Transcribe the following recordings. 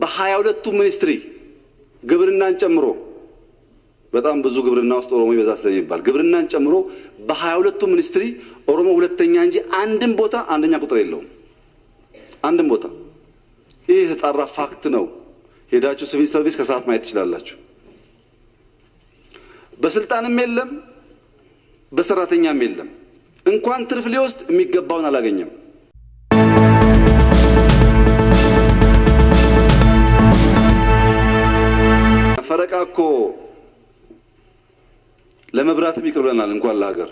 በሀያ ሁለቱ ሚኒስትሪ ግብርናን ጨምሮ በጣም ብዙ ግብርና ውስጥ ኦሮሞ ይበዛ ስለሚባል ግብርናን ጨምሮ በሀያ ሁለቱ ሚኒስትሪ ኦሮሞ ሁለተኛ እንጂ አንድም ቦታ አንደኛ ቁጥር የለውም። አንድም ቦታ ይህ የተጣራ ፋክት ነው። ሄዳችሁ ሲቪል ሰርቪስ ከሰዓት ማየት ትችላላችሁ። በስልጣንም የለም በሰራተኛም የለም። እንኳን ትርፍ ሊወስድ የሚገባውን አላገኘም። ፈረቃ እኮ ለመብራትም ይቅር ብለናል። እንኳን ለሀገር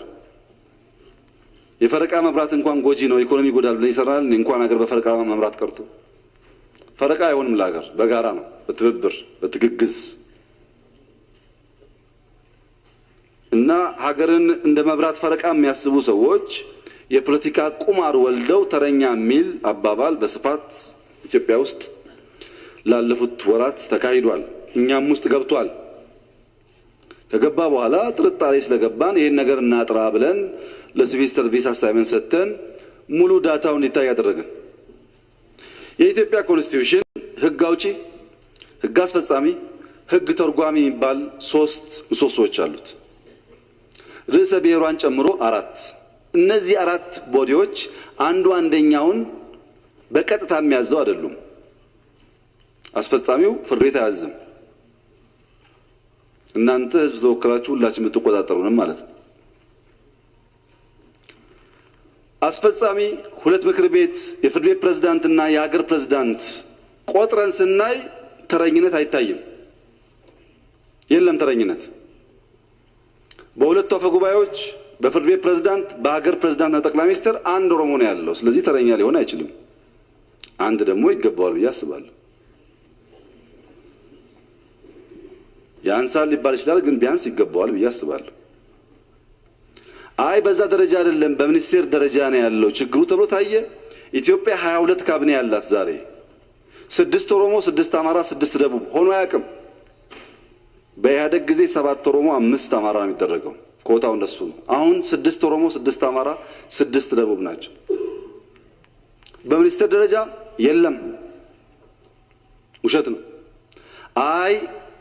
የፈረቃ መብራት እንኳን ጎጂ ነው፣ ኢኮኖሚ ይጎዳል ብለን ይሰራል። እንኳን ሀገር በፈረቃ መምራት ቀርቶ ፈረቃ አይሆንም። ለሀገር በጋራ ነው፣ በትብብር በትግግዝ እና ሀገርን እንደ መብራት ፈረቃ የሚያስቡ ሰዎች የፖለቲካ ቁማር ወልደው ተረኛ የሚል አባባል በስፋት ኢትዮጵያ ውስጥ ላለፉት ወራት ተካሂዷል። እኛም ውስጥ ገብቷል። ከገባ በኋላ ጥርጣሬ ስለገባን ይህን ነገር እናጥራ ብለን ለሲቪል ሰርቪስ አሳይመንት ሰጥተን ሙሉ ዳታው እንዲታይ ያደረግን። የኢትዮጵያ ኮንስቲቱሽን ህግ አውጪ፣ ህግ አስፈጻሚ፣ ህግ ተርጓሚ የሚባል ሶስት ምሰሶዎች አሉት። ርዕሰ ብሔሯን ጨምሮ አራት። እነዚህ አራት ቦዲዎች አንዱ አንደኛውን በቀጥታ የሚያዘው አይደሉም። አስፈጻሚው ፍርድ ቤት አያዝም። እናንተ ህዝብ ተወክላችሁ ሁላችን የምትቆጣጠሩንም ማለት ነው። አስፈጻሚ ሁለት ምክር ቤት የፍርድ ቤት ፕሬዝዳንትና የሀገር ፕሬዝዳንት ቆጥረን ስናይ ተረኝነት አይታይም። የለም ተረኝነት በሁለቱ አፈ ጉባኤዎች፣ በፍርድ ቤት ፕሬዝዳንት፣ በሀገር ፕሬዝዳንትና ጠቅላይ ሚኒስትር አንድ ኦሮሞ ነው ያለው። ስለዚህ ተረኛ ሊሆን አይችልም። አንድ ደግሞ ይገባዋል ብዬ አስባለሁ። ያንሳል ሊባል ይችላል፣ ግን ቢያንስ ይገባዋል ብዬ አስባለሁ። አይ በዛ ደረጃ አይደለም በሚኒስቴር ደረጃ ነው ያለው ችግሩ ተብሎ ታየ። ኢትዮጵያ 22 ካቢኔ ያላት ዛሬ ስድስት ኦሮሞ፣ ስድስት አማራ፣ ስድስት ደቡብ ሆኖ አያውቅም። በኢህአደግ ጊዜ ሰባት ኦሮሞ፣ አምስት አማራ ነው የሚደረገው። ኮታው እንደሱ ነው። አሁን ስድስት ኦሮሞ፣ ስድስት አማራ፣ ስድስት ደቡብ ናቸው። በሚኒስቴር ደረጃ የለም፣ ውሸት ነው። አይ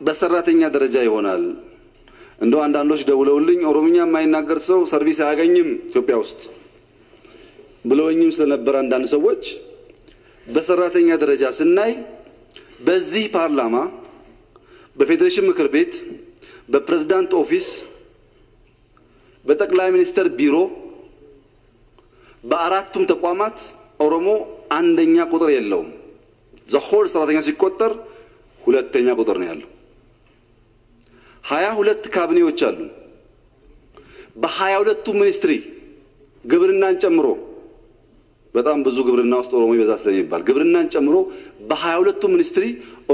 በሰራተኛ ደረጃ ይሆናል። እንደ አንዳንዶች ደውለውልኝ ኦሮምኛ የማይናገር ሰው ሰርቪስ አያገኝም ኢትዮጵያ ውስጥ ብለውኝም ስለነበር አንዳንድ ሰዎች በሰራተኛ ደረጃ ስናይ በዚህ ፓርላማ፣ በፌዴሬሽን ምክር ቤት፣ በፕሬዝዳንት ኦፊስ፣ በጠቅላይ ሚኒስትር ቢሮ፣ በአራቱም ተቋማት ኦሮሞ አንደኛ ቁጥር የለውም። ዘሆል ሰራተኛ ሲቆጠር ሁለተኛ ቁጥር ነው ያለው። ሀያ ሁለት ካቢኔዎች አሉ። በሀያ ሁለቱ ሚኒስትሪ ግብርናን ጨምሮ በጣም ብዙ ግብርና ውስጥ ኦሮሞ ይበዛ ስለሚባል ግብርናን ጨምሮ በሀያ ሁለቱ ሚኒስትሪ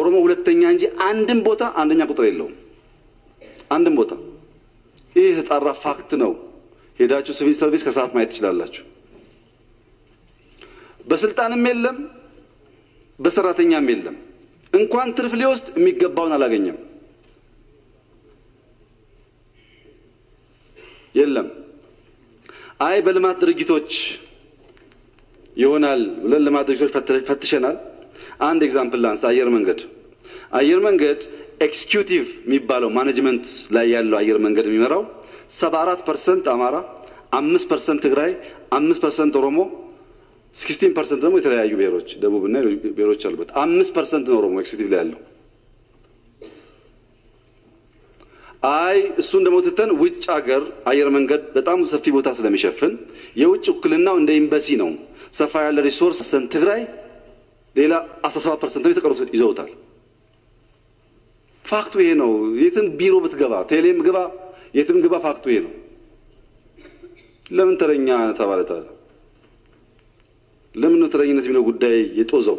ኦሮሞ ሁለተኛ እንጂ አንድም ቦታ አንደኛ ቁጥር የለውም። አንድም ቦታ ይህ የተጣራ ፋክት ነው። ሄዳችሁ ሲቪል ሰርቪስ ከሰዓት ማየት ትችላላችሁ። በስልጣንም የለም በሰራተኛም የለም። እንኳን ትርፍ ሊወስድ የሚገባውን አላገኘም። የለም። አይ በልማት ድርጅቶች ይሆናል ብለን ልማት ድርጅቶች ፈትሸናል። አንድ ኤግዛምፕል ላንስ፣ አየር መንገድ አየር መንገድ ኤክስኪዩቲቭ የሚባለው ማኔጅመንት ላይ ያለው አየር መንገድ የሚመራው 74 ፐርሰንት አማራ፣ 5 ፐርሰንት ትግራይ፣ 5 ፐርሰንት ኦሮሞ፣ 16 ፐርሰንት ደግሞ የተለያዩ ብሔሮች ደቡብና ብሔሮች አሉበት። 5 ፐርሰንት ነው ኦሮሞ ኤክስኪዩቲቭ ላይ ያለው አይ እሱ ደግሞ ውጭ ሀገር አየር መንገድ በጣም ሰፊ ቦታ ስለሚሸፍን የውጭ ውክልናው እንደ ኤምባሲ ነው። ሰፋ ያለ ሪሶርስ ሰን ትግራይ ሌላ 17 ፐርሰንት የተቀሩት ይዘውታል። ፋክቱ ይሄ ነው። የትም ቢሮ ብትገባ፣ ቴሌም ግባ፣ የትም ግባ፣ ፋክቱ ይሄ ነው። ለምን ተረኛ ተባለ? ለምን ነው ተረኝነት የሚለው ጉዳይ የጦዘው?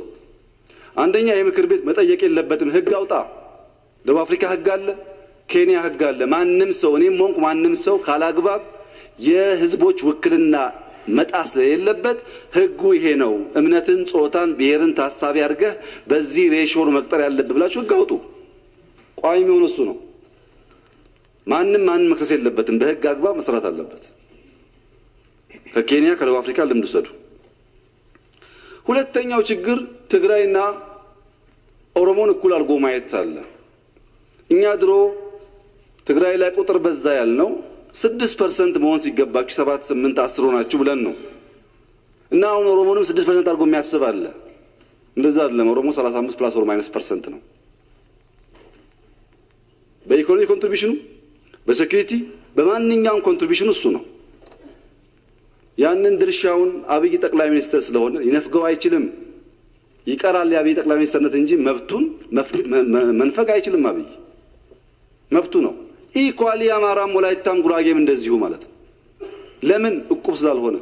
አንደኛ የምክር ቤት መጠየቅ የለበትም። ህግ አውጣ። ደቡብ አፍሪካ ህግ አለ። ኬንያ ህግ አለ። ማንም ሰው እኔም ሆንኩ ማንም ሰው ካላግባብ የህዝቦች ውክልና መጣስ ስለሌለበት ህጉ ይሄ ነው፣ እምነትን፣ ጾታን፣ ብሔርን ታሳቢ አድርገህ በዚህ ሬሾር መቅጠር ያለብህ ብላችሁ ህግ አውጡ። ቋሚ የሚሆን እሱ ነው። ማንም ማንም መክሰስ የለበትም። በህግ አግባብ መስራት አለበት። ከኬንያ ከደቡብ አፍሪካ ልምድ ውሰዱ። ሁለተኛው ችግር ትግራይና ኦሮሞን እኩል አድርጎ ማየት አለ። እኛ ድሮ ትግራይ ላይ ቁጥር በዛ ያልነው ስድስት ፐርሰንት መሆን ሲገባችሁ ሰባት ስምንት አስሮ ናችሁ ብለን ነው እና አሁን ኦሮሞንም ስድስት ፐርሰንት አድርጎ የሚያስብ አለ። እንደዛ አይደለም። ኦሮሞ ሰላሳ አምስት ፕላስ ማይነስ ፐርሰንት ነው በኢኮኖሚ ኮንትሪቢሽኑ፣ በሴኩሪቲ በማንኛውም ኮንትሪቢሽኑ እሱ ነው። ያንን ድርሻውን አብይ ጠቅላይ ሚኒስትር ስለሆነ ሊነፍገው አይችልም። ይቀራል የአብይ ጠቅላይ ሚኒስትርነት እንጂ መብቱን መንፈግ አይችልም። አብይ መብቱ ነው። ኢኳሊ አማራም ወላይታም ጉራጌም እንደዚሁ ማለት ነው። ለምን እቁብ ስላልሆነ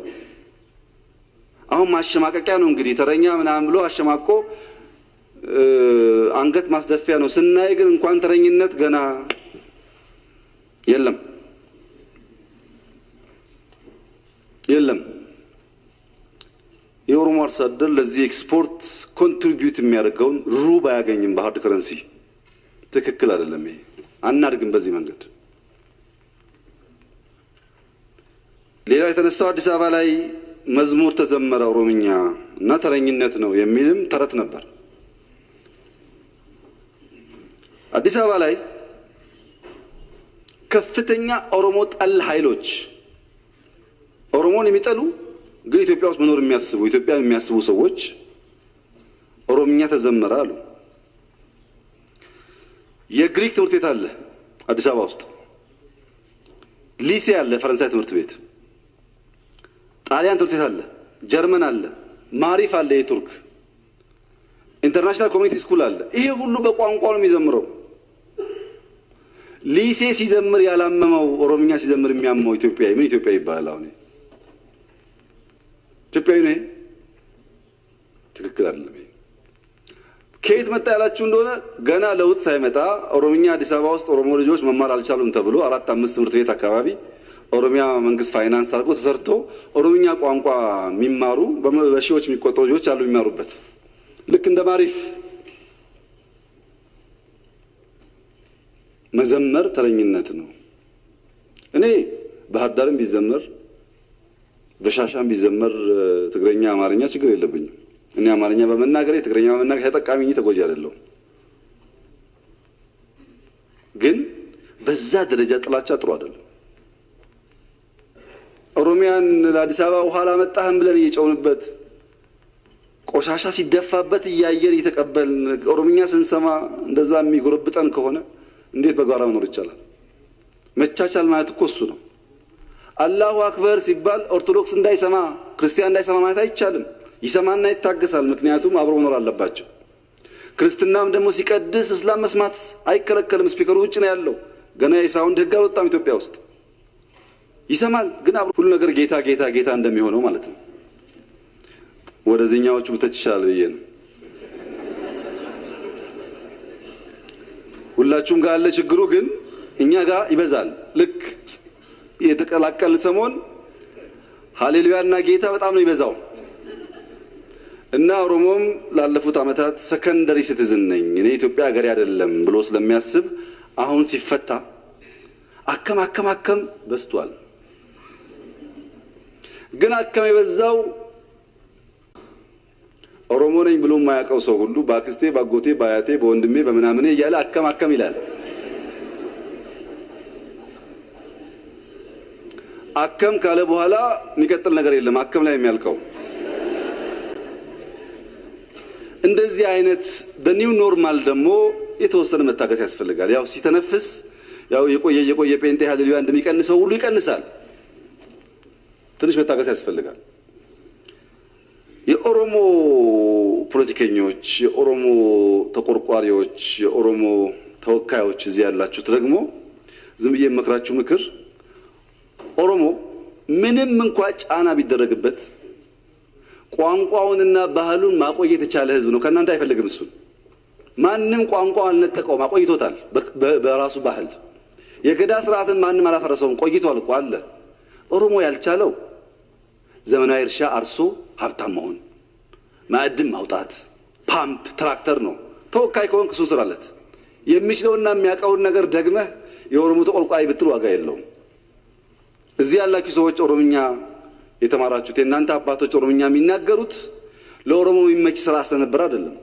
አሁን ማሸማቀቂያ ነው እንግዲህ ተረኛ ምናምን ብሎ አሸማቆ አንገት ማስደፊያ ነው። ስናይ ግን እንኳን ተረኝነት ገና የለም የለም። የኦሮሞ አርሶ አደር ለዚህ ኤክስፖርት ኮንትሪቢዩት የሚያደርገውን ሩብ አያገኝም በሀርድ ከረንሲ። ትክክል አይደለም ይሄ። አናድግም በዚህ መንገድ። ሌላ የተነሳው አዲስ አበባ ላይ መዝሙር ተዘመረ ኦሮምኛ እና ተረኝነት ነው የሚልም ተረት ነበር። አዲስ አበባ ላይ ከፍተኛ ኦሮሞ ጠል ኃይሎች ኦሮሞን የሚጠሉ ግን ኢትዮጵያ ውስጥ መኖር የሚያስቡ ኢትዮጵያን የሚያስቡ ሰዎች ኦሮምኛ ተዘመረ አሉ። የግሪክ ትምህርት ቤት አለ አዲስ አበባ ውስጥ፣ ሊሴ አለ ፈረንሳይ ትምህርት ቤት፣ ጣሊያን ትምህርት ቤት አለ፣ ጀርመን አለ፣ ማሪፍ አለ፣ የቱርክ ኢንተርናሽናል ኮሚኒቲ ስኩል አለ። ይሄ ሁሉ በቋንቋ ነው የሚዘምረው። ሊሴ ሲዘምር ያላመመው ኦሮምኛ ሲዘምር የሚያመው ኢትዮጵያዊ ምን ኢትዮጵያ ይባላል? አሁን ኢትዮጵያዊ ነው። ትክክል አይደለም። ከየት መጣ ያላችሁ እንደሆነ ገና ለውጥ ሳይመጣ ኦሮምኛ አዲስ አበባ ውስጥ ኦሮሞ ልጆች መማር አልቻሉም ተብሎ አራት አምስት ትምህርት ቤት አካባቢ ኦሮሚያ መንግስት ፋይናንስ አድርጎ ተሰርቶ ኦሮምኛ ቋንቋ የሚማሩ በሺዎች የሚቆጠሩ ልጆች አሉ የሚማሩበት ልክ እንደ ማሪፍ መዘመር ተረኝነት ነው። እኔ ባህር ዳርም ቢዘመር በሻሻም ቢዘመር ትግረኛ፣ አማርኛ ችግር የለብኝም። እኔ አማርኛ በመናገር የትግረኛ በመናገር ተጠቃሚ እንጂ ተጎጂ አይደለሁም። ግን በዛ ደረጃ ጥላቻ ጥሩ አይደለም። ኦሮሚያን ለአዲስ አበባ ውኋላ መጣህም ብለን እየጨውንበት ቆሻሻ ሲደፋበት እያየን እየተቀበልን ኦሮምኛ ስንሰማ እንደዛ የሚጎረብጠን ከሆነ እንዴት በጋራ መኖር ይቻላል? መቻቻል ማለት እኮ እሱ ነው። አላሁ አክበር ሲባል ኦርቶዶክስ እንዳይሰማ ክርስቲያን እንዳይሰማ ማለት አይቻልም። ይሰማና ይታገሳል። ምክንያቱም አብሮ መኖር አለባቸው። ክርስትናም ደግሞ ሲቀድስ እስላም መስማት አይከለከልም። ስፒከሩ ውጭ ነው ያለው። ገና የሳውንድ ህግ አልወጣም ኢትዮጵያ ውስጥ። ይሰማል ግን አብሮ ሁሉ ነገር ጌታ ጌታ ጌታ እንደሚሆነው ማለት ነው። ወደዚህኛዎቹ ብተች ይችላል ብዬ ነው። ሁላችሁም ጋር ያለ ችግሩ ግን እኛ ጋር ይበዛል። ልክ የተቀላቀልን ሰሞን ሀሌሉያና ጌታ በጣም ነው ይበዛው። እና ኦሮሞም ላለፉት ዓመታት ሰከንደሪ ሲቲዝን ነኝ እኔ ኢትዮጵያ ሀገሬ አይደለም ብሎ ስለሚያስብ አሁን ሲፈታ አከም አከም አከም በዝቷል። ግን አከም የበዛው ኦሮሞ ነኝ ብሎ የማያውቀው ሰው ሁሉ በአክስቴ፣ በአጎቴ፣ በአያቴ፣ በወንድሜ፣ በምናምኔ እያለ አከም አከም ይላል። አከም ካለ በኋላ የሚቀጥል ነገር የለም። አከም ላይ የሚያልቀው እንደዚህ አይነት በኒው ኖርማል ደግሞ የተወሰነ መታገስ ያስፈልጋል። ያው ሲተነፍስ ያው የቆየ የቆየ ጴንጤ ሀሌሉያ እንደሚቀንሰው ሁሉ ይቀንሳል። ትንሽ መታገስ ያስፈልጋል። የኦሮሞ ፖለቲከኞች፣ የኦሮሞ ተቆርቋሪዎች፣ የኦሮሞ ተወካዮች እዚህ ያላችሁት ደግሞ ዝም ብዬ የመክራችሁ ምክር ኦሮሞ ምንም እንኳ ጫና ቢደረግበት ቋንቋውንና ባህሉን ማቆየት የቻለ ህዝብ ነው። ከእናንተ አይፈልግም። እሱን ማንም ቋንቋ አልነጠቀውም፣ አቆይቶታል። በራሱ ባህል የገዳ ስርዓትን ማንም አላፈረሰውም፣ ቆይቷል እኮ አለ። ኦሮሞ ያልቻለው ዘመናዊ እርሻ አርሶ ሀብታም መሆን፣ ማዕድን ማውጣት፣ ፓምፕ ትራክተር ነው። ተወካይ ከሆንክ እሱን ስራለት። የሚችለውና የሚያውቀውን ነገር ደግመህ የኦሮሞ ተቆልቋይ ብትል ዋጋ የለውም። እዚህ ያላችሁ ሰዎች ኦሮምኛ የተማራችሁት የእናንተ አባቶች ኦሮምኛ የሚናገሩት ለኦሮሞ የሚመች ስራ ስለነበር አይደለም፣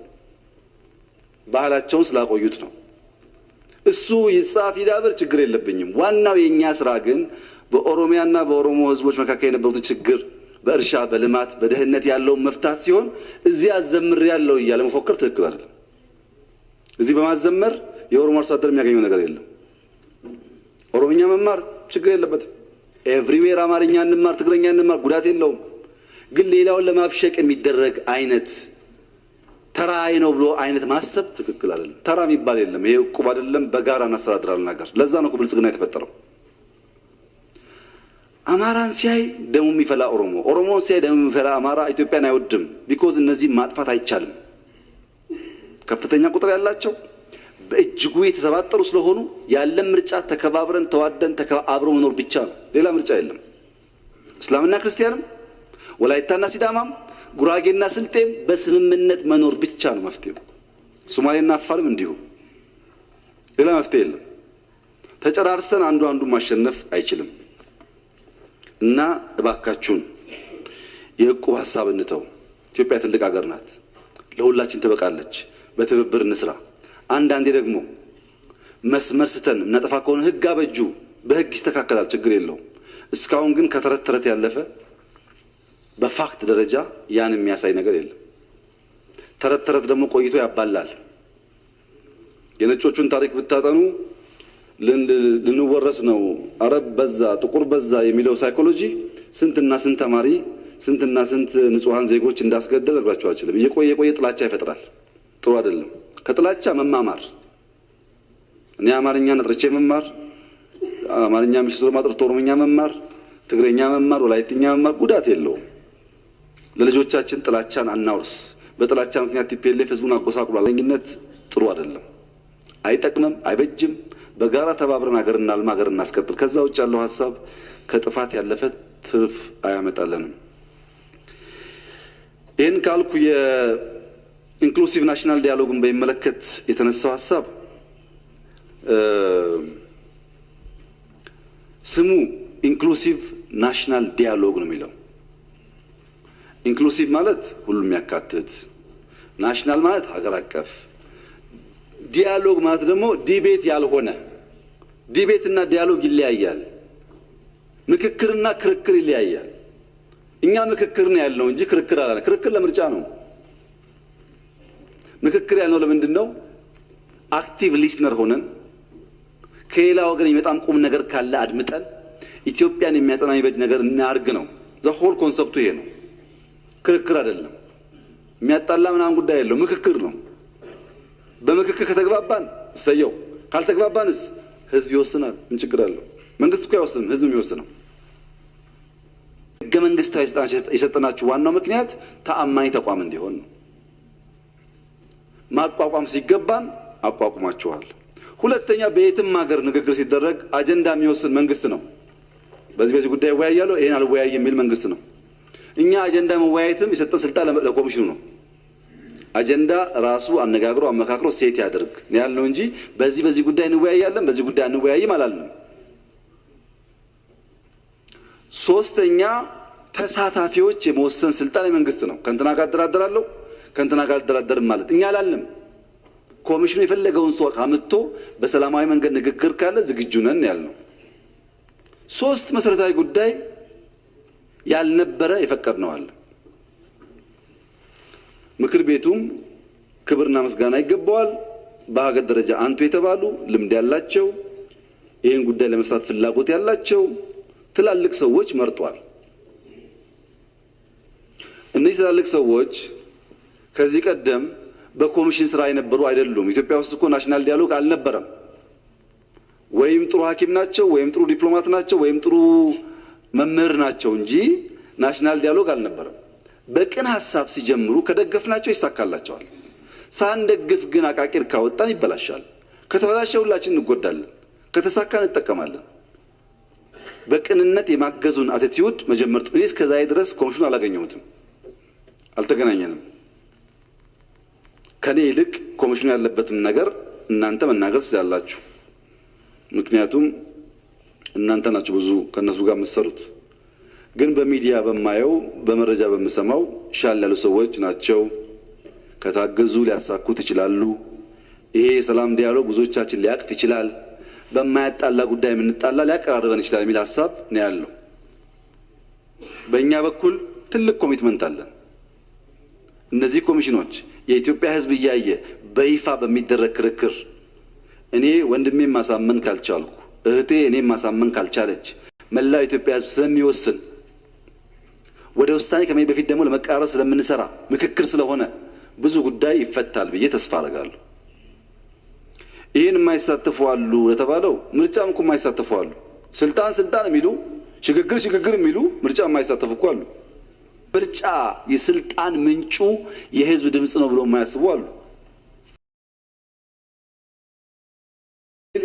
ባህላቸውን ስላቆዩት ነው። እሱ ይጻፍ ይዳብር፣ ችግር የለብኝም። ዋናው የእኛ ስራ ግን በኦሮሚያና በኦሮሞ ህዝቦች መካከል የነበሩትን ችግር በእርሻ በልማት በደህንነት ያለውን መፍታት ሲሆን እዚህ አዘምር ያለው እያለ መፎከር ትክክል አይደለም። እዚህ በማዘመር የኦሮሞ አርሶ አደር የሚያገኘው ነገር የለም። ኦሮምኛ መማር ችግር የለበትም። ኤቭሪዌር አማርኛ እንማር፣ ትግረኛ እንማር፣ ጉዳት የለውም። ግን ሌላውን ለማብሸቅ የሚደረግ አይነት አይ ነው ብሎ አይነት ማሰብ ትክክል አይደለም። ተራ የሚባል የለም። ይሄ እቁብ አይደለም። በጋራ እናስተዳድራለን ነገር። ለዛ ነው ብልጽግና የተፈጠረው። አማራን ሲያይ ደሙ የሚፈላ ኦሮሞ፣ ኦሮሞን ሲያይ ደሙ የሚፈላ አማራ ኢትዮጵያን አይወድም። ቢኮዝ እነዚህ ማጥፋት አይቻልም። ከፍተኛ ቁጥር ያላቸው በእጅጉ የተሰባጠሩ ስለሆኑ ያለን ምርጫ ተከባብረን ተዋደን አብሮ መኖር ብቻ ነው። ሌላ ምርጫ የለም። እስላምና ክርስቲያንም፣ ወላይታና ሲዳማም፣ ጉራጌና ስልጤም በስምምነት መኖር ብቻ ነው መፍትሄው። ሶማሌና አፋርም እንዲሁ። ሌላ መፍትሄ የለም። ተጨራርሰን አንዱ አንዱ ማሸነፍ አይችልም እና እባካችሁን የእቁብ ሀሳብ እንተው። ኢትዮጵያ ትልቅ ሀገር ናት። ለሁላችን ትበቃለች። በትብብር እንስራ። አንዳንዴ ደግሞ መስመር ስተን ነጠፋ ከሆነ ህግ አበጁ። በህግ ይስተካከላል፣ ችግር የለውም። እስካሁን ግን ከተረት ተረት ያለፈ በፋክት ደረጃ ያን የሚያሳይ ነገር የለም። ተረት ተረት ደግሞ ቆይቶ ያባላል። የነጮቹን ታሪክ ብታጠኑ ልንወረስ ነው አረብ በዛ ጥቁር በዛ የሚለው ሳይኮሎጂ ስንትና ስንት ተማሪ ስንትና ስንት ንጹሐን ዜጎች እንዳስገደል ነግራቸው አልችልም። እየቆየ የቆየ ጥላቻ ይፈጥራል። ጥሩ አይደለም። ከጥላቻ መማማር እኔ አማርኛ ነጥርቼ መማር፣ አማርኛ ምሽት ማጥርቶ ኦሮምኛ መማር፣ ትግረኛ መማር፣ ወላይትኛ መማር ጉዳት የለውም። ለልጆቻችን ጥላቻን አናውርስ። በጥላቻ ምክንያት ቲፒኤልኤፍ ህዝቡን አጎሳቅሏል። ኝነት ጥሩ አይደለም፣ አይጠቅምም፣ አይበጅም። በጋራ ተባብረን ሀገር እናልማ፣ ሀገር እናስቀጥል። ከዛ ውጭ ያለው ሀሳብ ከጥፋት ያለፈ ትርፍ አያመጣለንም። ይህን ካልኩ ኢንክሉሲቭ ናሽናል ዲያሎግን በሚመለከት የተነሳው ሀሳብ ስሙ ኢንክሉሲቭ ናሽናል ዲያሎግ ነው የሚለው። ኢንክሉሲቭ ማለት ሁሉም የሚያካትት፣ ናሽናል ማለት ሀገር አቀፍ፣ ዲያሎግ ማለት ደግሞ ዲቤት ያልሆነ። ዲቤትና ዲያሎግ ይለያያል። ምክክርና ክርክር ይለያያል። እኛ ምክክር ነው ያለው እንጂ ክርክር አላለ። ክርክር ለምርጫ ነው። ምክክር ያልነው ለምንድን ነው? አክቲቭ ሊስነር ሆነን ከሌላ ወገን የሚመጣም ቁም ነገር ካለ አድምጠን ኢትዮጵያን የሚያጸና የሚበጅ ነገር እናርግ ነው። ዘ ሆል ኮንሰፕቱ ይሄ ነው። ክርክር አይደለም። የሚያጣላ ምናምን ጉዳይ የለው። ምክክር ነው። በምክክር ከተግባባን እሰየው፣ ካልተግባባንስ ህዝብ ይወስናል። ምን ችግር አለው? መንግስት እኮ አይወስንም፣ ህዝብ የሚወስነው። ህገ መንግስታዊ የሰጠናችሁ ዋናው ምክንያት ተአማኝ ተቋም እንዲሆን ነው። ማቋቋም ሲገባን አቋቁማችኋል። ሁለተኛ በየትም ሀገር ንግግር ሲደረግ አጀንዳ የሚወስን መንግስት ነው። በዚህ በዚህ ጉዳይ እወያያለሁ ይህን አልወያይ የሚል መንግስት ነው። እኛ አጀንዳ መወያየትም የሰጠ ስልጣን ለኮሚሽኑ ነው። አጀንዳ ራሱ አነጋግሮ አመካክሮ ሴት ያድርግ ያልነው እንጂ በዚህ በዚህ ጉዳይ እንወያያለን፣ በዚህ ጉዳይ እንወያይም አላልንም። ሶስተኛ ተሳታፊዎች የመወሰን ስልጣን የመንግስት ነው። ከእንትና ጋር አደራደራለሁ ከእንትና ጋር አልደራደርም ማለት እኛ አላልንም። ኮሚሽኑ የፈለገውን ሰው አምጥቶ በሰላማዊ መንገድ ንግግር ካለ ዝግጁ ነን ያልነው። ሶስት መሰረታዊ ጉዳይ ያልነበረ የፈቀድነዋል። ምክር ቤቱም ክብርና ምስጋና ይገባዋል። በሀገር ደረጃ አንቱ የተባሉ ልምድ ያላቸው ይህን ጉዳይ ለመስራት ፍላጎት ያላቸው ትላልቅ ሰዎች መርጧል። እነዚህ ትላልቅ ሰዎች ከዚህ ቀደም በኮሚሽን ስራ የነበሩ አይደሉም። ኢትዮጵያ ውስጥ እኮ ናሽናል ዲያሎግ አልነበረም። ወይም ጥሩ ሐኪም ናቸው ወይም ጥሩ ዲፕሎማት ናቸው ወይም ጥሩ መምህር ናቸው እንጂ ናሽናል ዲያሎግ አልነበረም። በቅን ሀሳብ ሲጀምሩ ከደገፍናቸው ይሳካላቸዋል። ሳንደግፍ ግን አቃቂር ካወጣን ይበላሻል። ከተበላሸ ሁላችን እንጎዳለን፣ ከተሳካ እንጠቀማለን። በቅንነት የማገዙን አቲቲዩድ መጀመር። እኔ እስከ ድረስ ኮሚሽኑ አላገኘሁትም፣ አልተገናኘንም። ከኔ ይልቅ ኮሚሽኑ ያለበትን ነገር እናንተ መናገር ስላላችሁ፣ ምክንያቱም እናንተ ናችሁ ብዙ ከእነሱ ጋር የምትሰሩት። ግን በሚዲያ በማየው በመረጃ በምሰማው ሻል ያሉ ሰዎች ናቸው፣ ከታገዙ ሊያሳኩት ይችላሉ፣ ይሄ የሰላም ዲያሎግ ብዙዎቻችን ሊያቅፍ ይችላል፣ በማያጣላ ጉዳይ የምንጣላ ሊያቀራርበን ይችላል የሚል ሀሳብ ነው ያለው። በእኛ በኩል ትልቅ ኮሚትመንት አለን። እነዚህ ኮሚሽኖች የኢትዮጵያ ሕዝብ እያየ በይፋ በሚደረግ ክርክር እኔ ወንድሜ ማሳመን ካልቻልኩ፣ እህቴ እኔ ማሳመን ካልቻለች፣ መላው የኢትዮጵያ ሕዝብ ስለሚወስን ወደ ውሳኔ ከመሄድ በፊት ደግሞ ለመቀራረብ ስለምንሰራ ምክክር ስለሆነ ብዙ ጉዳይ ይፈታል ብዬ ተስፋ አደርጋለሁ። ይህን የማይሳተፉ አሉ ለተባለው ምርጫም እኮ የማይሳተፉ አሉ። ስልጣን ስልጣን የሚሉ ሽግግር ሽግግር የሚሉ ምርጫ የማይሳተፉ እኮ አሉ። ምርጫ የስልጣን ምንጩ የህዝብ ድምፅ ነው ብሎ የማያስቡ አሉ።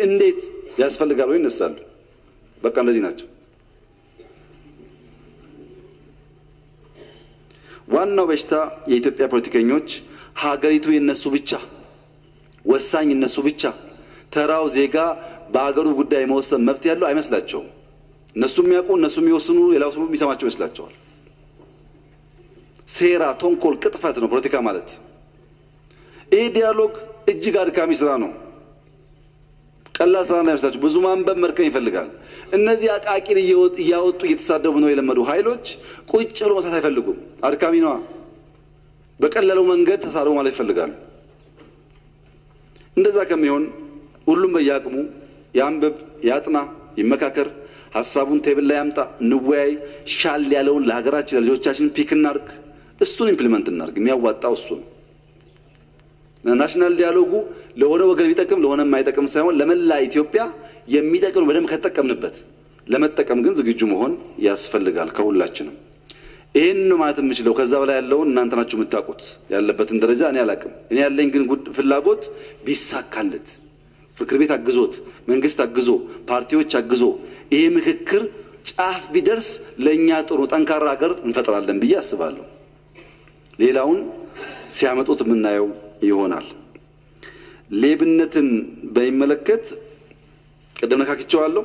እንዴት ያስፈልጋል ወይ ይነሳሉ። በቃ እንደዚህ ናቸው። ዋናው በሽታ የኢትዮጵያ ፖለቲከኞች ሀገሪቱ የነሱ ብቻ፣ ወሳኝ እነሱ ብቻ፣ ተራው ዜጋ በሀገሩ ጉዳይ መወሰን መብት ያለው አይመስላቸውም። እነሱ የሚያውቁ እነሱ የሚወስኑ ሌላው ሰው የሚሰማቸው ይመስላቸዋል። ሴራ፣ ተንኮል፣ ቅጥፈት ነው ፖለቲካ ማለት። ይህ ዲያሎግ እጅግ አድካሚ ስራ ነው። ቀላል ስራ እንዳይመስላችሁ ብዙ ማንበብ መድከም ይፈልጋል። እነዚህ አቃቂን እያወጡ እየተሳደቡ ነው የለመዱ ኃይሎች ቁጭ ብሎ መሳት አይፈልጉም። አድካሚ ነዋ። በቀላሉ መንገድ ተሳደቡ ማለት ይፈልጋሉ። እንደዛ ከሚሆን ሁሉም በየአቅሙ ያንብብ፣ ያጥና፣ ይመካከር፣ ሀሳቡን ቴብል ላይ ያምጣ፣ እንወያይ፣ ሻል ያለውን ለሀገራችን ለልጆቻችን ፒክ እሱን ኢምፕሊመንት እናድርግ። የሚያዋጣው እሱ ነው። ናሽናል ዲያሎጉ ለሆነ ወገን ቢጠቅም ለሆነ የማይጠቅም ሳይሆን ለመላ ኢትዮጵያ የሚጠቅም በደንብ ከተጠቀምንበት፣ ለመጠቀም ግን ዝግጁ መሆን ያስፈልጋል ከሁላችንም። ይህን ነው ማለት የምችለው። ከዛ በላይ ያለውን እናንተ ናችሁ የምታውቁት። ያለበትን ደረጃ እኔ አላውቅም። እኔ ያለኝ ግን ፍላጎት ቢሳካለት፣ ምክር ቤት አግዞት፣ መንግስት አግዞ፣ ፓርቲዎች አግዞ ይሄ ምክክር ጫፍ ቢደርስ ለእኛ ጥሩ ጠንካራ ሀገር እንፈጥራለን ብዬ አስባለሁ። ሌላውን ሲያመጡት የምናየው ይሆናል። ሌብነትን በሚመለከት ቅድም ነካክቼዋለሁ።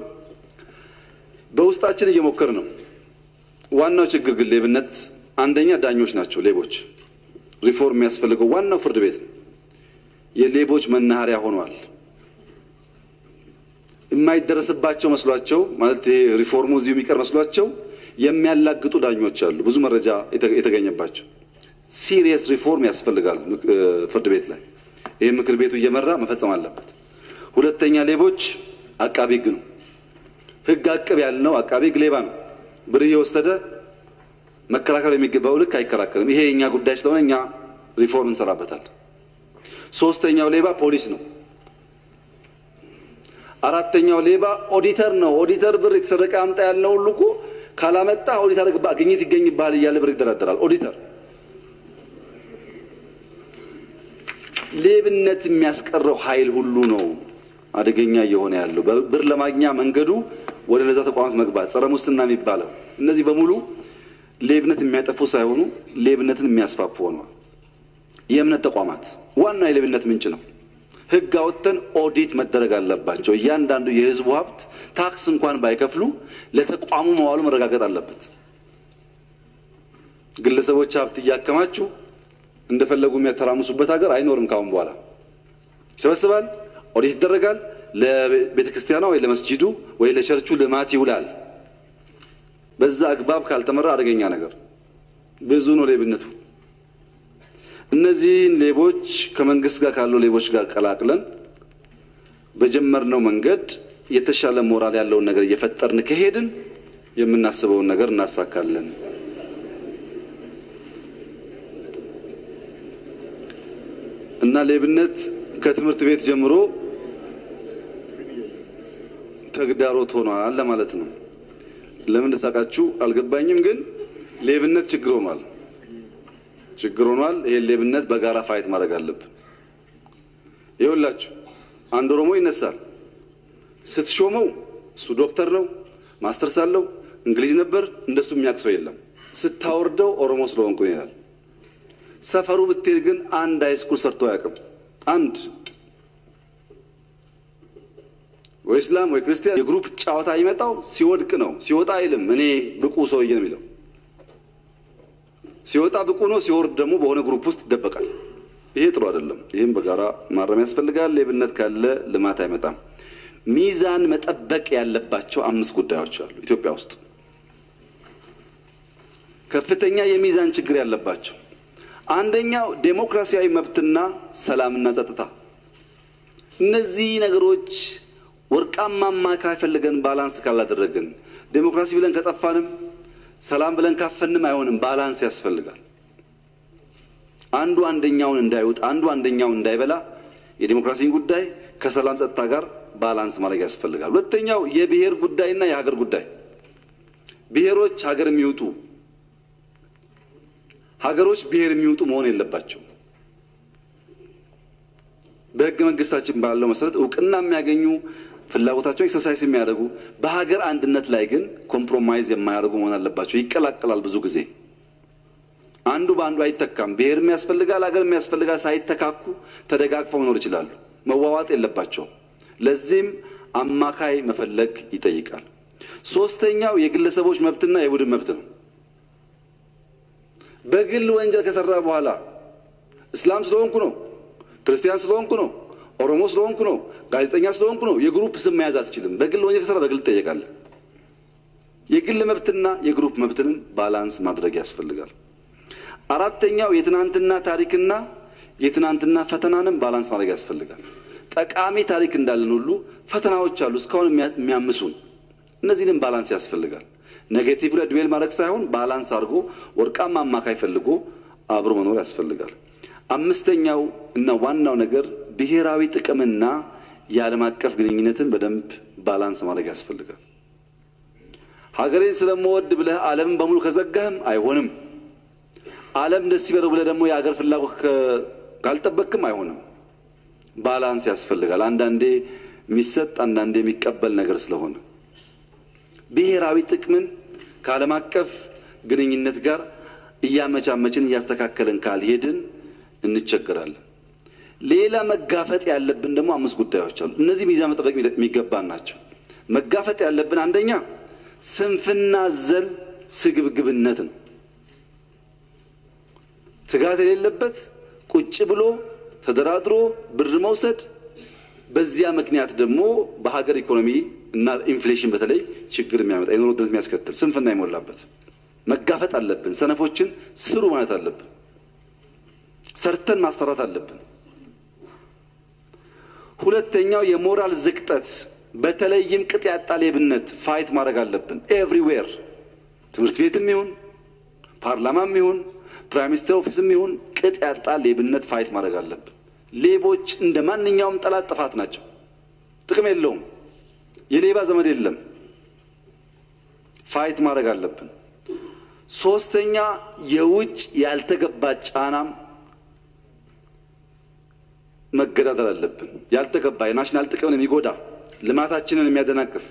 በውስጣችን እየሞከር ነው። ዋናው ችግር ግን ሌብነት አንደኛ ዳኞች ናቸው ሌቦች። ሪፎርም የሚያስፈልገው ዋናው ፍርድ ቤት ነው። የሌቦች መናኸሪያ ሆኗል። የማይደረስባቸው መስሏቸው ማለት ይሄ ሪፎርሙ እዚሁ የሚቀር መስሏቸው የሚያላግጡ ዳኞች አሉ፣ ብዙ መረጃ የተገኘባቸው ሲሪየስ ሪፎርም ያስፈልጋል። ፍርድ ቤት ላይ ይህ ምክር ቤቱ እየመራ መፈጸም አለበት። ሁለተኛ ሌቦች አቃቢ ህግ ነው። ህግ አቅብ ያልነው አቃቢ ህግ ሌባ ነው። ብር እየወሰደ መከራከር የሚገባው ልክ አይከራከርም። ይሄ የእኛ ጉዳይ ስለሆነ እኛ ሪፎርም እንሰራበታል። ሶስተኛው ሌባ ፖሊስ ነው። አራተኛው ሌባ ኦዲተር ነው። ኦዲተር ብር የተሰረቀ አምጣ ያለው ሁሉ እኮ ካላመጣ ኦዲተር ግኝት ይገኝብሃል እያለ ብር ይደራደራል ኦዲተር ሌብነት የሚያስቀረው ኃይል ሁሉ ነው አደገኛ እየሆነ ያለው በብር ለማግኛ መንገዱ ወደ እነዛ ተቋማት መግባት፣ ጸረ ሙስና የሚባለው እነዚህ በሙሉ ሌብነት የሚያጠፉ ሳይሆኑ ሌብነትን የሚያስፋፉ ሆነዋል። የእምነት ተቋማት ዋና የሌብነት ምንጭ ነው። ህግ አውጥተን ኦዲት መደረግ አለባቸው። እያንዳንዱ የህዝቡ ሀብት ታክስ እንኳን ባይከፍሉ ለተቋሙ መዋሉ መረጋገጥ አለበት። ግለሰቦች ሀብት እያከማችሁ እንደፈለጉ የሚያተራምሱበት ሀገር አይኖርም ካሁን በኋላ። ይሰበስባል፣ ኦዲት ይደረጋል፣ ለቤተ ክርስቲያኗ ወይ ለመስጂዱ ወይ ለቸርቹ ልማት ይውላል። በዛ አግባብ ካልተመራ አደገኛ ነገር ብዙ ነው ሌብነቱ። እነዚህን ሌቦች ከመንግስት ጋር ካሉ ሌቦች ጋር ቀላቅለን በጀመርነው መንገድ የተሻለ ሞራል ያለውን ነገር እየፈጠርን ከሄድን የምናስበውን ነገር እናሳካለን። ሌብነት ከትምህርት ቤት ጀምሮ ተግዳሮት ሆኗል ለማለት ነው። ለምን እንደሳቃችሁ አልገባኝም፣ ግን ሌብነት ችግር ሆኗል ችግር ሆኗል። ይሄን ሌብነት በጋራ ፋይት ማድረግ አለብን። ይኸውላችሁ አንድ ኦሮሞ ይነሳል። ስትሾመው እሱ ዶክተር ነው፣ ማስተርስ አለው፣ እንግሊዝ ነበር፣ እንደሱ የሚያቅሰው የለም። ስታወርደው ኦሮሞ ስለሆንኩ ይላል። ሰፈሩ ብትሄድ ግን አንድ ሃይስኩል ሰርቶ አያውቅም። አንድ ወይ እስላም ወይ ክርስቲያን የግሩፕ ጨዋታ ይመጣው ሲወድቅ ነው። ሲወጣ አይልም እኔ ብቁ ሰውዬ ነው የሚለው። ሲወጣ ብቁ ነው፣ ሲወርድ ደግሞ በሆነ ግሩፕ ውስጥ ይደበቃል። ይሄ ጥሩ አይደለም። ይህም በጋራ ማረም ያስፈልጋል። ሌብነት ካለ ልማት አይመጣም። ሚዛን መጠበቅ ያለባቸው አምስት ጉዳዮች አሉ ኢትዮጵያ ውስጥ ከፍተኛ የሚዛን ችግር ያለባቸው አንደኛው ዴሞክራሲያዊ መብትና ሰላምና ጸጥታ። እነዚህ ነገሮች ወርቃማ አማካይ ፈልገን ባላንስ ካላደረግን ዴሞክራሲ ብለን ከጠፋንም ሰላም ብለን ካፈንም አይሆንም። ባላንስ ያስፈልጋል። አንዱ አንደኛውን እንዳይውጥ፣ አንዱ አንደኛውን እንዳይበላ የዴሞክራሲን ጉዳይ ከሰላም ጸጥታ ጋር ባላንስ ማድረግ ያስፈልጋል። ሁለተኛው የብሔር ጉዳይና የሀገር ጉዳይ ብሔሮች ሀገር የሚውጡ ሀገሮች ብሔር የሚውጡ መሆን የለባቸው። በህገ መንግስታችን ባለው መሰረት እውቅና የሚያገኙ ፍላጎታቸውን ኤክሰርሳይዝ የሚያደርጉ በሀገር አንድነት ላይ ግን ኮምፕሮማይዝ የማያደርጉ መሆን አለባቸው። ይቀላቀላል። ብዙ ጊዜ አንዱ በአንዱ አይተካም። ብሔር የሚያስፈልጋል ሀገር የሚያስፈልጋል ሳይተካኩ ተደጋግፈው መኖር ይችላሉ። መዋዋጥ የለባቸው። ለዚህም አማካይ መፈለግ ይጠይቃል። ሶስተኛው የግለሰቦች መብትና የቡድን መብት ነው። በግል ወንጀል ከሰራ በኋላ እስላም ስለሆንኩ ነው፣ ክርስቲያን ስለሆንኩ ነው፣ ኦሮሞ ስለሆንኩ ነው፣ ጋዜጠኛ ስለሆንኩ ነው፣ የግሩፕ ስም መያዝ አትችልም። በግል ወንጀል ከሰራ በግል ትጠየቃለ። የግል መብትና የግሩፕ መብትን ባላንስ ማድረግ ያስፈልጋል። አራተኛው የትናንትና ታሪክና የትናንትና ፈተናንም ባላንስ ማድረግ ያስፈልጋል። ጠቃሚ ታሪክ እንዳለን ሁሉ ፈተናዎች አሉ፣ እስካሁን የሚያምሱን። እነዚህንም ባላንስ ያስፈልጋል። ኔጌቲቭ ላይ ድዌል ማድረግ ሳይሆን ባላንስ አድርጎ ወርቃማ አማካይ ፈልጎ አብሮ መኖር ያስፈልጋል። አምስተኛው እና ዋናው ነገር ብሔራዊ ጥቅምና የዓለም አቀፍ ግንኙነትን በደንብ ባላንስ ማድረግ ያስፈልጋል። ሀገሬን ስለምወድ ብለህ ዓለምን በሙሉ ከዘጋህም አይሆንም። ዓለም ደስ ይበለው ብለህ ደግሞ የሀገር ፍላጎት ካልጠበቅም አይሆንም። ባላንስ ያስፈልጋል። አንዳንዴ የሚሰጥ አንዳንዴ የሚቀበል ነገር ስለሆነ ብሔራዊ ጥቅምን ከዓለም አቀፍ ግንኙነት ጋር እያመቻመችን እያስተካከልን ካልሄድን እንቸገራለን። ሌላ መጋፈጥ ያለብን ደግሞ አምስት ጉዳዮች አሉ። እነዚህ ሚዛን መጠበቅ የሚገባን ናቸው። መጋፈጥ ያለብን አንደኛ ስንፍና ዘል ስግብግብነት ነው። ትጋት የሌለበት ቁጭ ብሎ ተደራድሮ ብር መውሰድ፣ በዚያ ምክንያት ደግሞ በሀገር ኢኮኖሚ እና ኢንፍሌሽን በተለይ ችግር የሚያመጣ የኑሮ ውድነት የሚያስከትል ስንፍና የሞላበት መጋፈጥ አለብን። ሰነፎችን ስሩ ማለት አለብን። ሰርተን ማሰራት አለብን። ሁለተኛው የሞራል ዝቅጠት፣ በተለይም ቅጥ ያጣ ሌብነት ፋይት ማድረግ አለብን። ኤቭሪዌር ትምህርት ቤትም ይሁን ፓርላማም ይሁን ፕራይም ሚኒስትር ኦፊስም ይሁን ቅጥ ያጣ ሌብነት ፋይት ማድረግ አለብን። ሌቦች እንደ ማንኛውም ጠላት ጥፋት ናቸው፣ ጥቅም የለውም። የሌባ ዘመድ የለም። ፋይት ማድረግ አለብን። ሶስተኛ የውጭ ያልተገባ ጫናም መገዳደር አለብን። ያልተገባ የናሽናል ጥቅምን የሚጎዳ ልማታችንን የሚያደናቅፍ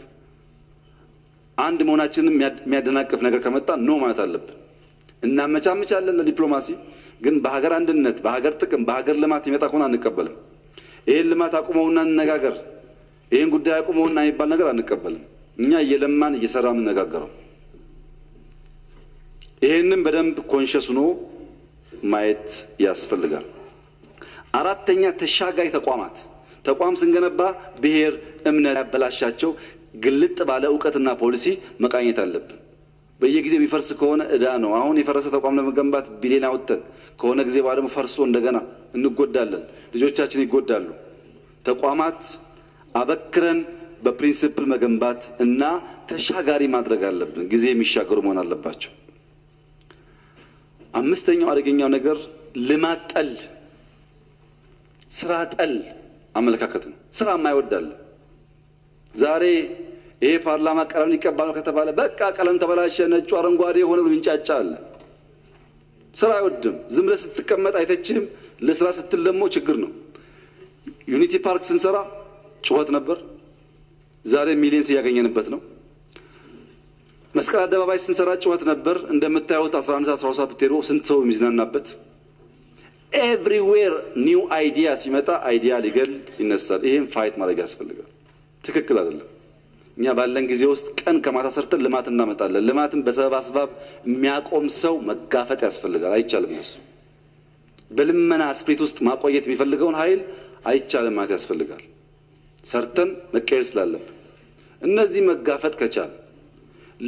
አንድ መሆናችንን የሚያደናቅፍ ነገር ከመጣ ኖ ማለት አለብን። እናመቻምቻለን ለዲፕሎማሲ ግን በሀገር አንድነት፣ በሀገር ጥቅም፣ በሀገር ልማት የሚመጣ ከሆነ አንቀበልም። ይህን ልማት አቁመውና እንነጋገር። ይህን ጉዳይ አቁመውና የሚባል ነገር አንቀበልም። እኛ እየለማን እየሰራ የምነጋገረው ይህንም በደንብ ኮንሸስ ሆኖ ማየት ያስፈልጋል። አራተኛ ተሻጋይ ተቋማት ተቋም ስንገነባ ብሔር፣ እምነት ያበላሻቸው ግልጥ ባለ እውቀትና ፖሊሲ መቃኘት አለብን። በየጊዜው የሚፈርስ ከሆነ እዳ ነው። አሁን የፈረሰ ተቋም ለመገንባት ቢሊዮን አውጥተን ከሆነ ጊዜ በኋላ ደግሞ ፈርሶ እንደገና እንጎዳለን፣ ልጆቻችን ይጎዳሉ። ተቋማት አበክረን በፕሪንስፕል መገንባት እና ተሻጋሪ ማድረግ አለብን። ጊዜ የሚሻገሩ መሆን አለባቸው። አምስተኛው አደገኛው ነገር ልማት ጠል፣ ስራ ጠል አመለካከት ነው። ስራ የማይወዳል ዛሬ ይሄ ፓርላማ ቀለም ሊቀባ ነው ከተባለ በቃ ቀለም ተበላሸ፣ ነጩ አረንጓዴ የሆነ ብሎ አለ። ስራ አይወድም። ዝም ብለህ ስትቀመጥ አይተችም ለስራ ስትል ደግሞ ችግር ነው። ዩኒቲ ፓርክ ስንሰራ ጩኸት ነበር። ዛሬ ሚሊየንስ እያገኘንበት ነው። መስቀል አደባባይ ስንሰራ ጩኸት ነበር። እንደምታዩት 11 13 ብትሄዱ ስንት ሰው የሚዝናናበት ኤቭሪዌር ኒው አይዲያ ሲመጣ አይዲያ ሊገል ይነሳል። ይህም ፋይት ማድረግ ያስፈልጋል። ትክክል አይደለም። እኛ ባለን ጊዜ ውስጥ ቀን ከማታ ሰርተን ልማት እናመጣለን። ልማትን በሰበብ አስባብ የሚያቆም ሰው መጋፈጥ ያስፈልጋል። አይቻልም። እነሱ በልመና ስፕሪት ውስጥ ማቆየት የሚፈልገውን ኃይል አይቻልም ማለት ያስፈልጋል። ሰርተን መቀየር ስላለብን እነዚህ መጋፈጥ ከቻል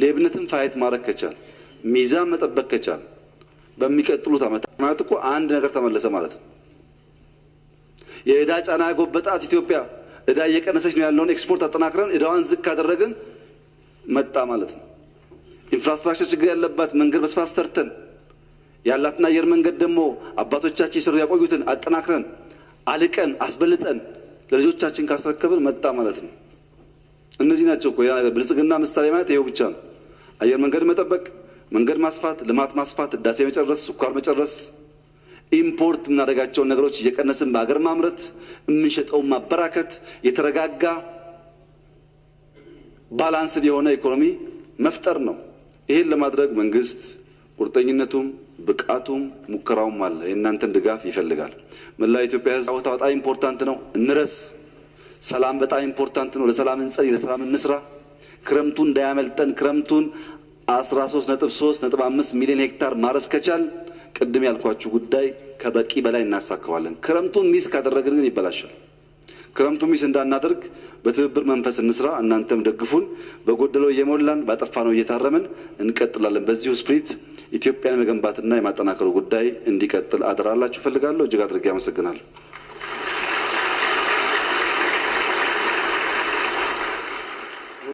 ሌብነትን ፋይት ማድረግ ከቻል ሚዛን መጠበቅ ከቻል በሚቀጥሉት ዓመታት ማለት እኮ አንድ ነገር ተመለሰ ማለት ነው። የእዳ ጫና ያጎበጣት ኢትዮጵያ እዳ እየቀነሰች ነው ያለውን ኤክስፖርት አጠናክረን እዳዋን ዝቅ ካደረግን መጣ ማለት ነው። ኢንፍራስትራክቸር ችግር ያለባት መንገድ በስፋት ሰርተን ያላትን አየር መንገድ ደግሞ አባቶቻችን የሰሩ ያቆዩትን አጠናክረን አልቀን አስበልጠን ለልጆቻችን ካስረከብን መጣ ማለት ነው። እነዚህ ናቸው እኮ ብልጽግና ምሳሌ ማለት ይኸው ብቻ ነው። አየር መንገድ መጠበቅ፣ መንገድ ማስፋት፣ ልማት ማስፋት፣ ህዳሴ መጨረስ፣ ስኳር መጨረስ፣ ኢምፖርት የምናደርጋቸውን ነገሮች እየቀነስን በሀገር ማምረት፣ የምንሸጠውን ማበራከት፣ የተረጋጋ ባላንስድ የሆነ ኢኮኖሚ መፍጠር ነው። ይህን ለማድረግ መንግስት ቁርጠኝነቱም ብቃቱም ሙከራውም አለ። የእናንተን ድጋፍ ይፈልጋል። መላ ኢትዮጵያ ቦታ በጣም ኢምፖርታንት ነው፣ እንረስ። ሰላም በጣም ኢምፖርታንት ነው። ለሰላም እንጸልይ፣ ለሰላም እንስራ። ክረምቱን እንዳያመልጠን። ክረምቱን 13.3.5 ሚሊዮን ሄክታር ማረስ ከቻል ቅድም ያልኳችሁ ጉዳይ ከበቂ በላይ እናሳካዋለን። ክረምቱን ሚስ ካደረግን ግን ይበላሻል። ክረምቱ ሚስ እንዳናደርግ በትብብር መንፈስ እንስራ። እናንተም ደግፉን። በጎደለው እየሞላን ነው እየታረምን እንቀጥላለን። በዚሁ ስፕሪት ኢትዮጵያን መገንባትና የማጠናከሩ ጉዳይ እንዲቀጥል አደራላችሁ ፈልጋለሁ። እጅግ አድርጌ አመሰግናለሁ።